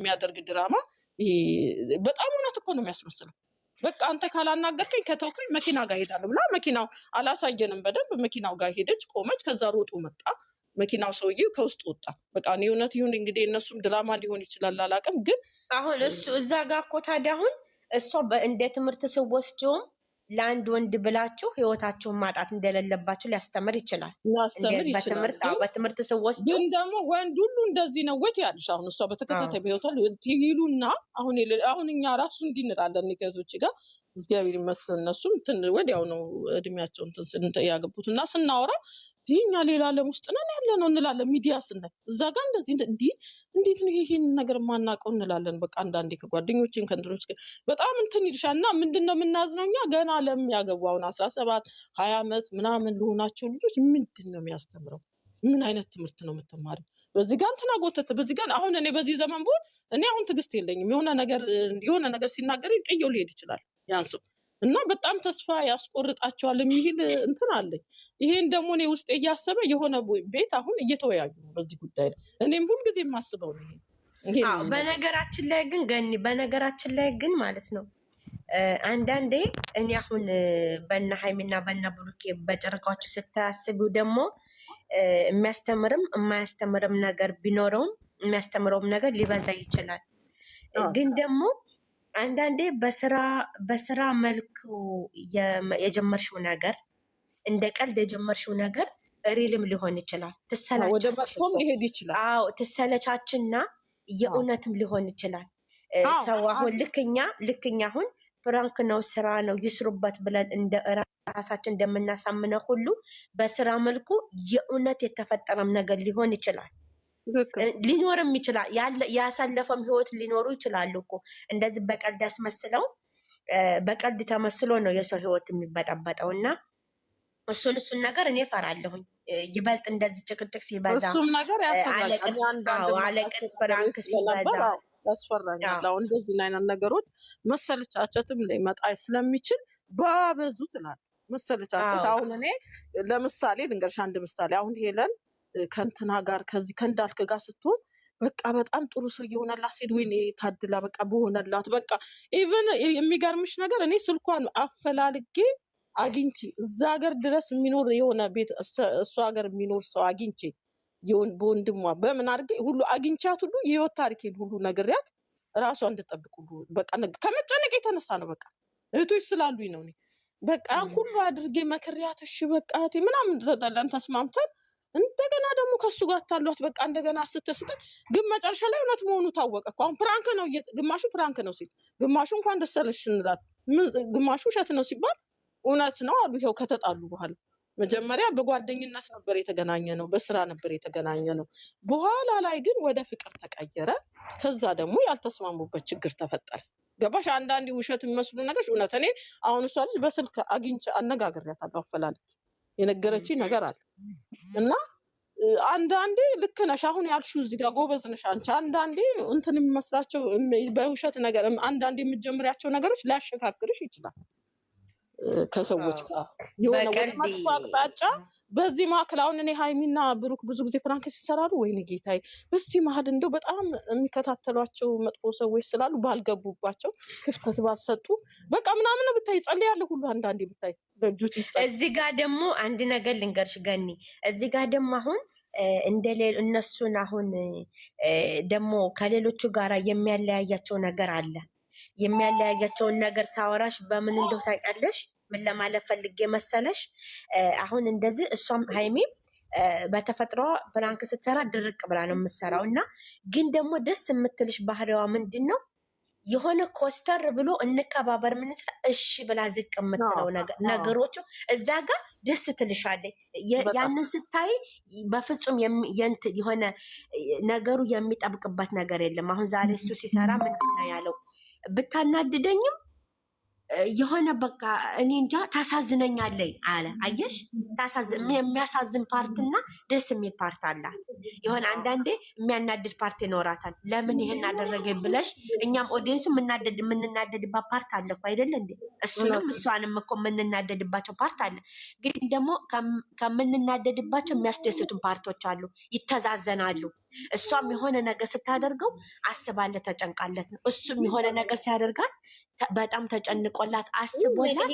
የሚያደርግ ድራማ በጣም እውነት እኮ ነው የሚያስመስለው። በቃ አንተ ካላናገርከኝ ከተውከኝ መኪና ጋር ሄዳለሁ ብላ መኪናው አላሳየንም በደንብ መኪናው ጋር ሄደች፣ ቆመች። ከዛ ሮጡ መጣ መኪናው ሰውዬ ከውስጥ ወጣ። በቃ እኔ እውነት ይሁን እንግዲህ እነሱም ድራማ ሊሆን ይችላል አላውቅም። ግን አሁን እሱ እዛ ጋር እኮ ታዲያ አሁን እሷ እንደ ትምህርት ስወስጀውም ለአንድ ወንድ ብላችሁ ህይወታችሁን ማጣት እንደሌለባችሁ ሊያስተምር ይችላል። በትምህርት በትምህርት ስወስድ ግን ደግሞ ወንድ ሁሉ እንደዚህ ነው ወይ ትያለሽ። አሁን እሷ በተከታታይ በህይወቷ ይሉና አሁን እኛ ራሱ እንዲንላለን ከቶች ጋር እግዚአብሔር ይመስል እነሱም ወዲያው ነው እድሜያቸውን ያገቡት እና ስናወራ እንዲህ እኛ ሌላ ዓለም ውስጥ ነን ያለ ነው እንላለን። ሚዲያ ስናይ እዛ ጋር እንደዚህ እንዲህ እንዴት ነው ይሄን ነገር የማናውቀው እንላለን። በቃ አንዳንዴ ከጓደኞችን ከንድሮች በጣም እንትን ይልሻል እና ምንድን ነው የምናዝነው እኛ ገና ለሚያገቡ አሁን አስራ ሰባት ሀያ ዓመት ምናምን ለሆናቸው ልጆች ምንድን ነው የሚያስተምረው? ምን አይነት ትምህርት ነው የምትማሪው? በዚህ ጋር እንትን አጎተተ በዚህ ጋር አሁን እኔ በዚህ ዘመን ብሆን እኔ አሁን ትዕግስት የለኝም። የሆነ ነገር የሆነ ነገር ሲናገረኝ ጥየው ሊሄድ ይችላል ያን እና በጣም ተስፋ ያስቆርጣቸዋል የሚል እንትን አለኝ። ይሄን ደግሞ እኔ ውስጤ እያሰበ የሆነ ቤት አሁን እየተወያዩ ነው በዚህ ጉዳይ ላይ። እኔም ሁልጊዜ የማስበው ነው በነገራችን ላይ ግን ገኒ፣ በነገራችን ላይ ግን ማለት ነው አንዳንዴ እኔ አሁን በነ ሀይሚና በነ ብሩኬ በጨረቃዎቹ ስታስቢው ደግሞ የሚያስተምርም የማያስተምርም ነገር ቢኖረውም የሚያስተምረውም ነገር ሊበዛ ይችላል ግን ደግሞ አንዳንዴ በስራ በስራ መልኩ የጀመርሽው ነገር እንደ ቀልድ የጀመርሽው ነገር ሪልም ሊሆን ይችላል። ወደ መጥፎም ሊሄድ ይችላል። አዎ ትሰለቻችና የእውነትም ሊሆን ይችላል። ሰው አሁን ልክኛ ልክኛ አሁን ፍራንክ ነው ስራ ነው ይስሩበት ብለን እንደ ራሳችን እንደምናሳምነው ሁሉ በስራ መልኩ የእውነት የተፈጠረም ነገር ሊሆን ይችላል። ሊኖርም ይችላል። ያሳለፈም ህይወት ሊኖሩ ይችላሉ እኮ እንደዚህ በቀልድ አስመስለው በቀልድ ተመስሎ ነው የሰው ህይወት የሚበጠበጠው እና እሱን እሱን ነገር እኔ ፈራለሁኝ። ይበልጥ እንደዚህ ጭቅጭቅ ሲበዛ እሱም ነገር ሲበዛ ያስፈራኛል። አሁን እንደዚህ አይነት ነገሮች መሰለቻቸትም ሊመጣ ስለሚችል በበዙ ትላለህ መሰለቻቸት። አሁን እኔ ለምሳሌ ልንገርሽ አንድ ምሳሌ አሁን ሄለን ከንትና ጋር ከዚህ ከእንዳልክ ጋር ስትሆን በቃ በጣም ጥሩ ሰው የሆነላት ሴት ወይ ታድላ በቃ በሆነላት በቃ ኢቨን የሚገርምሽ ነገር እኔ ስልኳን አፈላልጌ አግኝቼ እዛ ሀገር ድረስ የሚኖር የሆነ ቤት እሱ ሀገር የሚኖር ሰው አግኝቼ በወንድሟ በምን አድርጌ ሁሉ አግኝቻት ሁሉ የህይወት ታሪኬን ሁሉ ነግሬያት ራሷ እንድጠብቅ ሁሉ በቃ ከመጨነቅ የተነሳ ነው በቃ እህቶች ስላሉኝ ነው እኔ በቃ ሁሉ አድርጌ መክሬያት እሺ በቃ ምናምን ተጠለን ተስማምተን እንደገና ደግሞ ከሱ ጋር ታሏት በቃ እንደገና ስትስጥ ግን መጨረሻ ላይ እውነት መሆኑ ታወቀ እኮ። አሁን ፕራንክ ነው ግማሹ ፕራንክ ነው ሲል ግማሹ እንኳን ደስ አለሽ ስንላት ግማሹ ውሸት ነው ሲባል እውነት ነው አሉ። ይኸው ከተጣሉ በኋላ መጀመሪያ በጓደኝነት ነበር የተገናኘ ነው፣ በስራ ነበር የተገናኘ ነው። በኋላ ላይ ግን ወደ ፍቅር ተቀየረ። ከዛ ደግሞ ያልተስማሙበት ችግር ተፈጠረ። ገባሽ? አንዳንድ ውሸት የሚመስሉ ነገሮች እውነት። እኔ አሁን እሷ ልጅ በስልክ አግኝቼ አነጋግሬያታለሁ። አፈላለች የነገረችኝ ነገር አለ እና አንዳንዴ ልክ ነሽ። አሁን ያልሽው እዚህ ጋር ጎበዝ ነሽ አንቺ። አንዳንዴ እንትን የሚመስላቸው በውሸት ነገር አንዳንዴ የምትጀምሪያቸው ነገሮች ሊያሸካክርሽ ይችላል ከሰዎች ጋር የሆነ ወጥመጥፎ አቅጣጫ። በዚህ መካከል አሁን እኔ ሀይሚና ብሩክ ብዙ ጊዜ ፍራንክስ ይሰራሉ። ወይኔ ጌታዬ፣ በዚህ መሀል እንደው በጣም የሚከታተሏቸው መጥፎ ሰዎች ስላሉ ባልገቡባቸው ክፍተት ባልሰጡ በቃ ምናምን ብታይ ጸልያለሁ ሁሉ አንዳንዴ ብታይ እዚህ ጋር ደግሞ አንድ ነገር ልንገርሽ ገኒ፣ እዚህ ጋር ደግሞ አሁን እንደ እነሱን አሁን ደግሞ ከሌሎቹ ጋር የሚያለያያቸው ነገር አለ። የሚያለያያቸውን ነገር ሳወራሽ በምን እንደው ታውቂያለሽ? ምን ለማለት ፈልጌ መሰለሽ? አሁን እንደዚህ እሷም ሀይሜም በተፈጥሮ ፕላንክ ስትሰራ ድርቅ ብላ ነው የምትሰራው እና ግን ደግሞ ደስ የምትልሽ ባህሪዋ ምንድን ነው የሆነ ኮስተር ብሎ እንከባበር ምንስራ እሺ ብላ ዝቅ የምትለው ነገሮቹ እዛ ጋር ደስ ትልሻለች። ያንን ስታይ በፍጹም የሆነ ነገሩ የሚጠብቅበት ነገር የለም። አሁን ዛሬ እሱ ሲሰራ ምንድን ነው ያለው? ብታናድደኝም የሆነ በቃ እኔ እንጃ ታሳዝነኛለይ አለ። አየሽ የሚያሳዝን ፓርትና ደስ የሚል ፓርት አላት። የሆነ አንዳንዴ የሚያናድድ ፓርት ይኖራታል። ለምን ይህን አደረገ ብለሽ እኛም ኦዲየንሱ የምንናደድባት ፓርት አለ እኮ አይደለ እንዴ? እሱንም እሷንም እኮ የምንናደድባቸው ፓርት አለ። ግን ደግሞ ከምንናደድባቸው የሚያስደስቱን ፓርቶች አሉ። ይተዛዘናሉ። እሷም የሆነ ነገር ስታደርገው አስባለት ተጨንቃለት ነው። እሱም የሆነ ነገር ሲያደርጋት በጣም ተጨንቆላት አስቦላት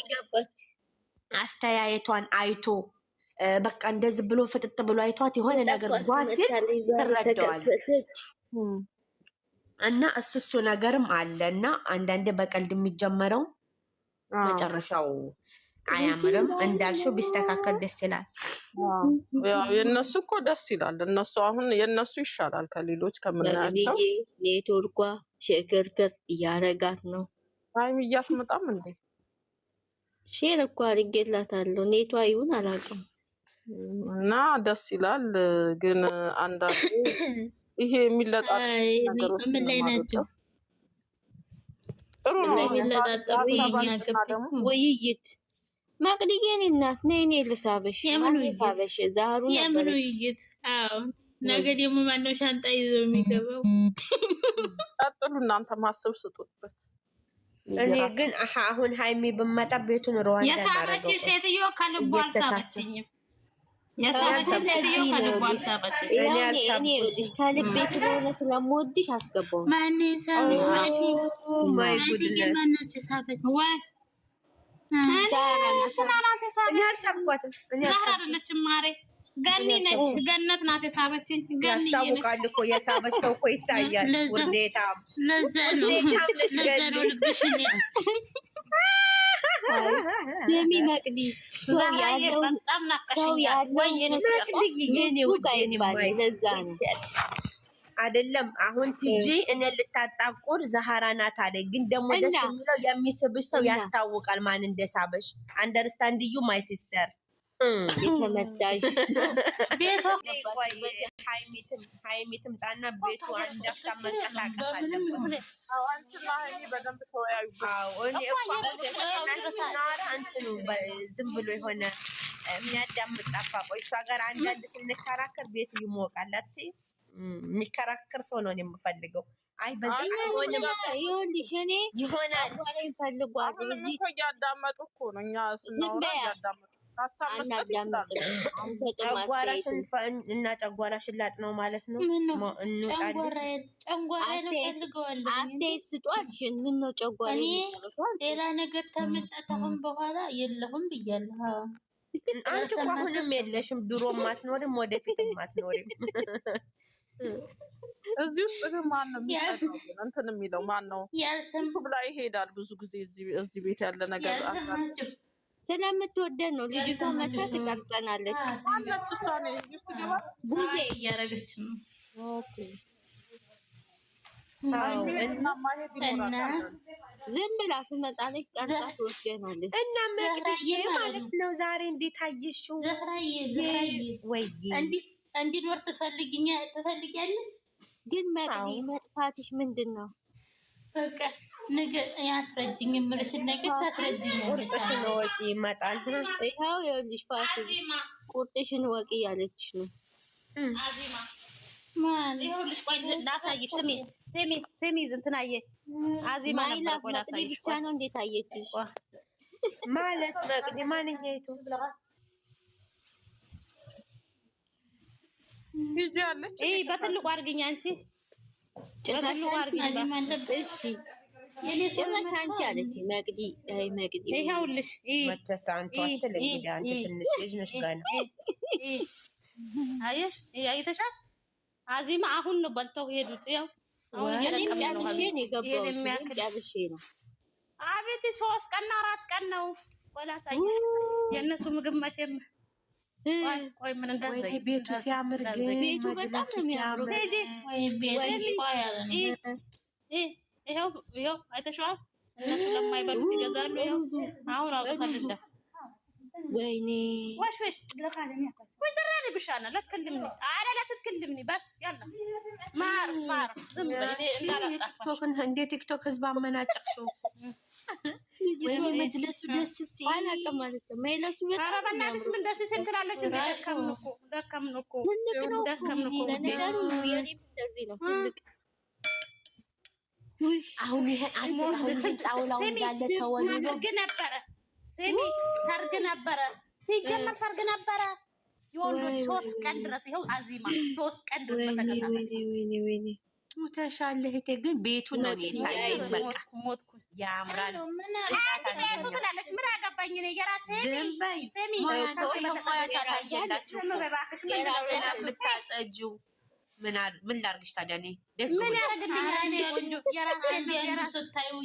አስተያየቷን አይቶ በቃ እንደዚህ ብሎ ፍጥጥ ብሎ አይቷት የሆነ ነገር ጓሴል ትረደዋል። እና እሱ እሱ ነገርም አለ እና አንዳንዴ በቀልድ የሚጀመረው መጨረሻው አያምርም። እንዳልሽው ቢስተካከል ደስ ይላል። የእነሱ እኮ ደስ ይላል። እነሱ አሁን የእነሱ ይሻላል ከሌሎች ከምናያቸው። ኔትወርኳ ሽግርግር እያረጋት ነው። ታይም እያስመጣም እንዴ ሼር እኮ አድርጌላታለሁ። ኔቷ ይሁን አላውቅም። እና ደስ ይላል ግን አንዳንዴ ይሄ የሚለጣ ነገሮች ላይ ናቸው። ጥሩ ነው የሚለጣጠሩ ውይይት ማቅድዬን እናት ነይ እኔ ልሳበሽ። የምኑ ሳበሽ? ዛሩ የምኑ ይይት? አዎ ነገ ደግሞ ማነው ሻንጣ ይዞ የሚገባው? ቀጥሉ እናንተ ማሰብ ስጡበት። እኔ ግን አሁን ሀይሚ ብመጣ ቤቱን ሩዋንዳ የሳበች ሴትዮ ከልቧ አልሳበችኝም። ከልቤ ስለሆነ ስለምወድሽ አስገባው። ገኒ ነች። ገነት ያስታውቃል እኮ የሳበች ሰው እኮ ይታያል። ውዴታ ስሚ መቅዲ ሰው ያለው ሰው ያለው መቅዲ የኔ ውድ የኔ ማይስ ለዛ ነው አይደለም። አሁን ቲጂ እኔ ልታጣቁር ዛሃራ ናት አለ። ግን ደግሞ ደስ የሚለው የሚስብሽ ሰው ያስታውቃል ማን እንደሳበሽ። አንደርስታንድ ዩ ማይ ሲስተር የተመዳሽ ቤቱ አንድ አፍታ ዝም ብሎ የሆነ የሚያዳምጥ ጠፋቆ እሷ ጋር አንዳንድ ስንከራከር ቤቱ ይሞቃላት። የሚከራከር ሰው ነው የምፈልገው። አይ በዚህ ይኸውልሽ፣ እና ጨጓራሽን ላጥ ነው ማለት ነው። አስተያየት ስጧልሽን ምን ነው ጨጓራ ሌላ ነገር ተመጣጣሁን በኋላ የለሁም ብያለሁ። አንቺ እኮ አሁንም የለሽም፣ ድሮም አትኖሪም፣ ወደፊትም አትኖሪም። እዚህ ውስጥ ግን ማን ነው እንትን የሚለው ማን ነው? ዩቱብ ላይ ይሄዳል ብዙ ጊዜ እዚህ ቤት ያለ ነገር ስለምትወደድ ነው። ልጅቷ መታ ትቀርጸናለች። ቡዜ እያደረገች ነው። ዝም ብላ ትመጣለች። ቀርጻ ትወስደናለች። እና መቅደዬ ማለት ነው ዛሬ እንዴት አየሽው? ወይ እንዲኖር ትፈልግኛ ትፈልጊያለሽ። ግን መቅኒ መጥፋትሽ ምንድን ነው? በቃ ነገ ያስረጅኝ የምልሽን ነገር ታስረጅኛለሽ። ቁርጥሽን ወቂ ይመጣል። ይኸው ይኸውልሽ፣ ፋሲ ቁርጥሽን ወቂ ያለችሽ ነው። ስሚ እንትን አየ አዚማ ነበር እኮ ብቻ ነው እንዴት አየችሽ ማለት መቅዲ ማንኛይቱ ልጅ በትልቁ አድርግኝ አንቺ በትልቁ አድርግኝ እሺ ጭራሽ አንቺ አለች መቅዲ። አይ መቅዲ ይኸውልሽ፣ አንቺ ትንሽ ልጅ ነሽ ገና። አየሽ፣ አይተሻል። አዚማ አሁን ነው በልተው ሄዱት። ያው ጨርሼ ነው የገባሁት። ጨርሼ ነው አቤት፣ ሶስት ቀን አራት ቀን ነው ወላሳየሽ የእነሱ ምግብ መቼም ቤቱ ሲያምር ግን ቤቱ በጣም ነው የሚያምረው። ይኸው አይተሽዋል። እነሱ ለማይበሉት ይገዛሉ። አሁን አውቀሳ ወይኔ ልክልምኒ በስ ያለ ማር ማር ዝም እንደ ቲክቶክ ህዝብ አመናጨቅሽው። ወይኔ መጅለሱ ደስ ሲል አላውቅም ኧረ በእናትሽ ምን ደስ ሲል ትላለች። ትልቅ ነው ለነገሩ እንደዚህ ነው ትልቅ አሁን ይሄ ሰርግ ነበረ ሲጀመር ሰርግ ነበረ የወንዶች ሶስት ቀን ድረስ ይኸው አዚማ ሶስት ቀን ድረስ በተከታታይ ተሻለ ግን ቤቱ ነው ሞትኩ። ያምራል ቤቱ ትላለች። ምን አገባኝ ነው የራሴ ልታጸጂው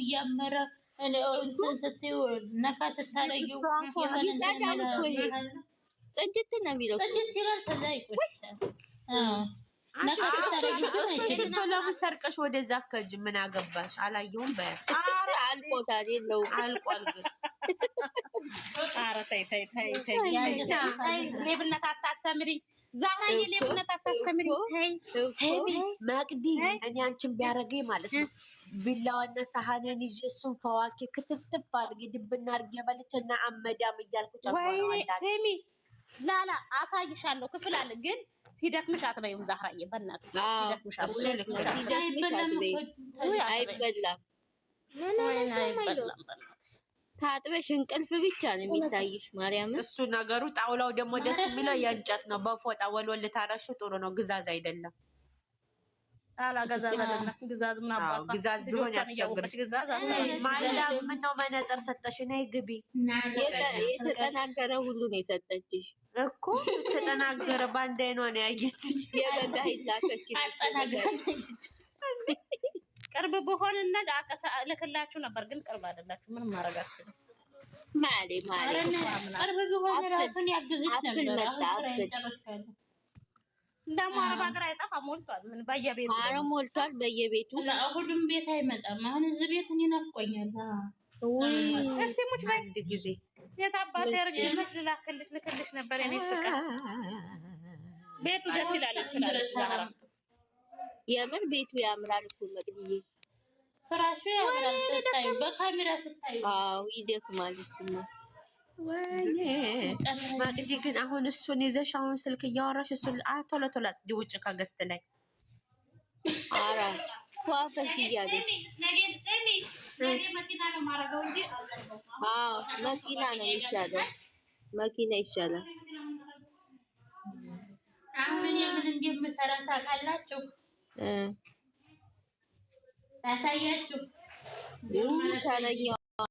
እያመረ ነካ ስታረጊው ጽድት ነው የሚለው ጽድት ይላል። ከዛ ይቆሻል። ለምን ሰርቀሽ ወደዛ ከጅ ምን አገባሽ? አላየሁም በያ አልቆታል። የለውም አልቋል። ግን ተይ ተይ ተይ ተይ፣ ሌብነት አታስተምሪ ዛሬ ሌብነት አታስተምሪ። መቅዲ፣ እኔ አንቺን ቢያደርገኝ ማለት ነው ቢላዋና ሳህንን ይዤ እሱን ፈዋኬ ክትፍትፍ አድርጌ ድብና አድርጌ በልቼ እና አመዳም እያልኩ ጨጓራዋን ላላ አሳይሻለሁ። ክፍል አለ ግን ሲደክምሽ አትበይም። ዛህራዬ በእናትሽ ታጥበሽ እንቅልፍ ብቻ ነው የሚታይሽ። ማርያምን እሱ ነገሩ ጣውላው ደግሞ ደስ የሚለው የእንጨት ነው። በፎጣ ወልወል ታረሹ ጥሩ ነው። ግዛዝ አይደለም። አላገዛዝ ግዛዝ ቢሆን ያስቸግርሽ። ምነው መነጽር ሰጠሽ? ነይ ግቢ። የተጠናገረ ሁሉ ነው የሰጠችሽ እኮ የተጠናገረ በአንድ አይኗ ነው ያየች። የበጋ ይላከች ቅርብ በሆንና ዳቀሳ ልክላችሁ ነበር፣ ግን ቅርብ አይደላችሁ። ምንም ማድረግ አትችልም። ማሌ ማሌ ቅርብ ቢሆን ራሱን ያግዝሽ ነበር። ደግሞ አረብ ሀገር አይጠፋ ሞልቷል። ምን በየቤቱ አረ ሞልቷል፣ በየቤቱ ሁሉም ቤት አይመጣም። አሁን እዚህ ቤት እኔ ናፍቆኛል። እስቲ ሙች በአንድ ጊዜ የታባት ያርግነት ልላክልሽ ልክልሽ ነበር። እኔ ፍቃ ቤቱ ደስ ይላል ትላለች። የምር ቤቱ ያምራል እኮ መቅድዬ፣ ፍራሹ ያምራል። በካሜራ ስታዩ አዎ ይደክማል እሱማ ወይኔ ማቅዲ ግን አሁን እሱን ይዘሽ አሁን ስልክ እያወራሽ እሱ ቶሎ ቶሎ አጽዲ ውጭ ከገስት ላይ ኧረ ፏፈሽ እያለ መኪና ነው ይሻለው፣ መኪና ይሻላል። አሁን የምን እንደምሰራ ታውቃላችሁ? ታሳያችሁ ታለኛው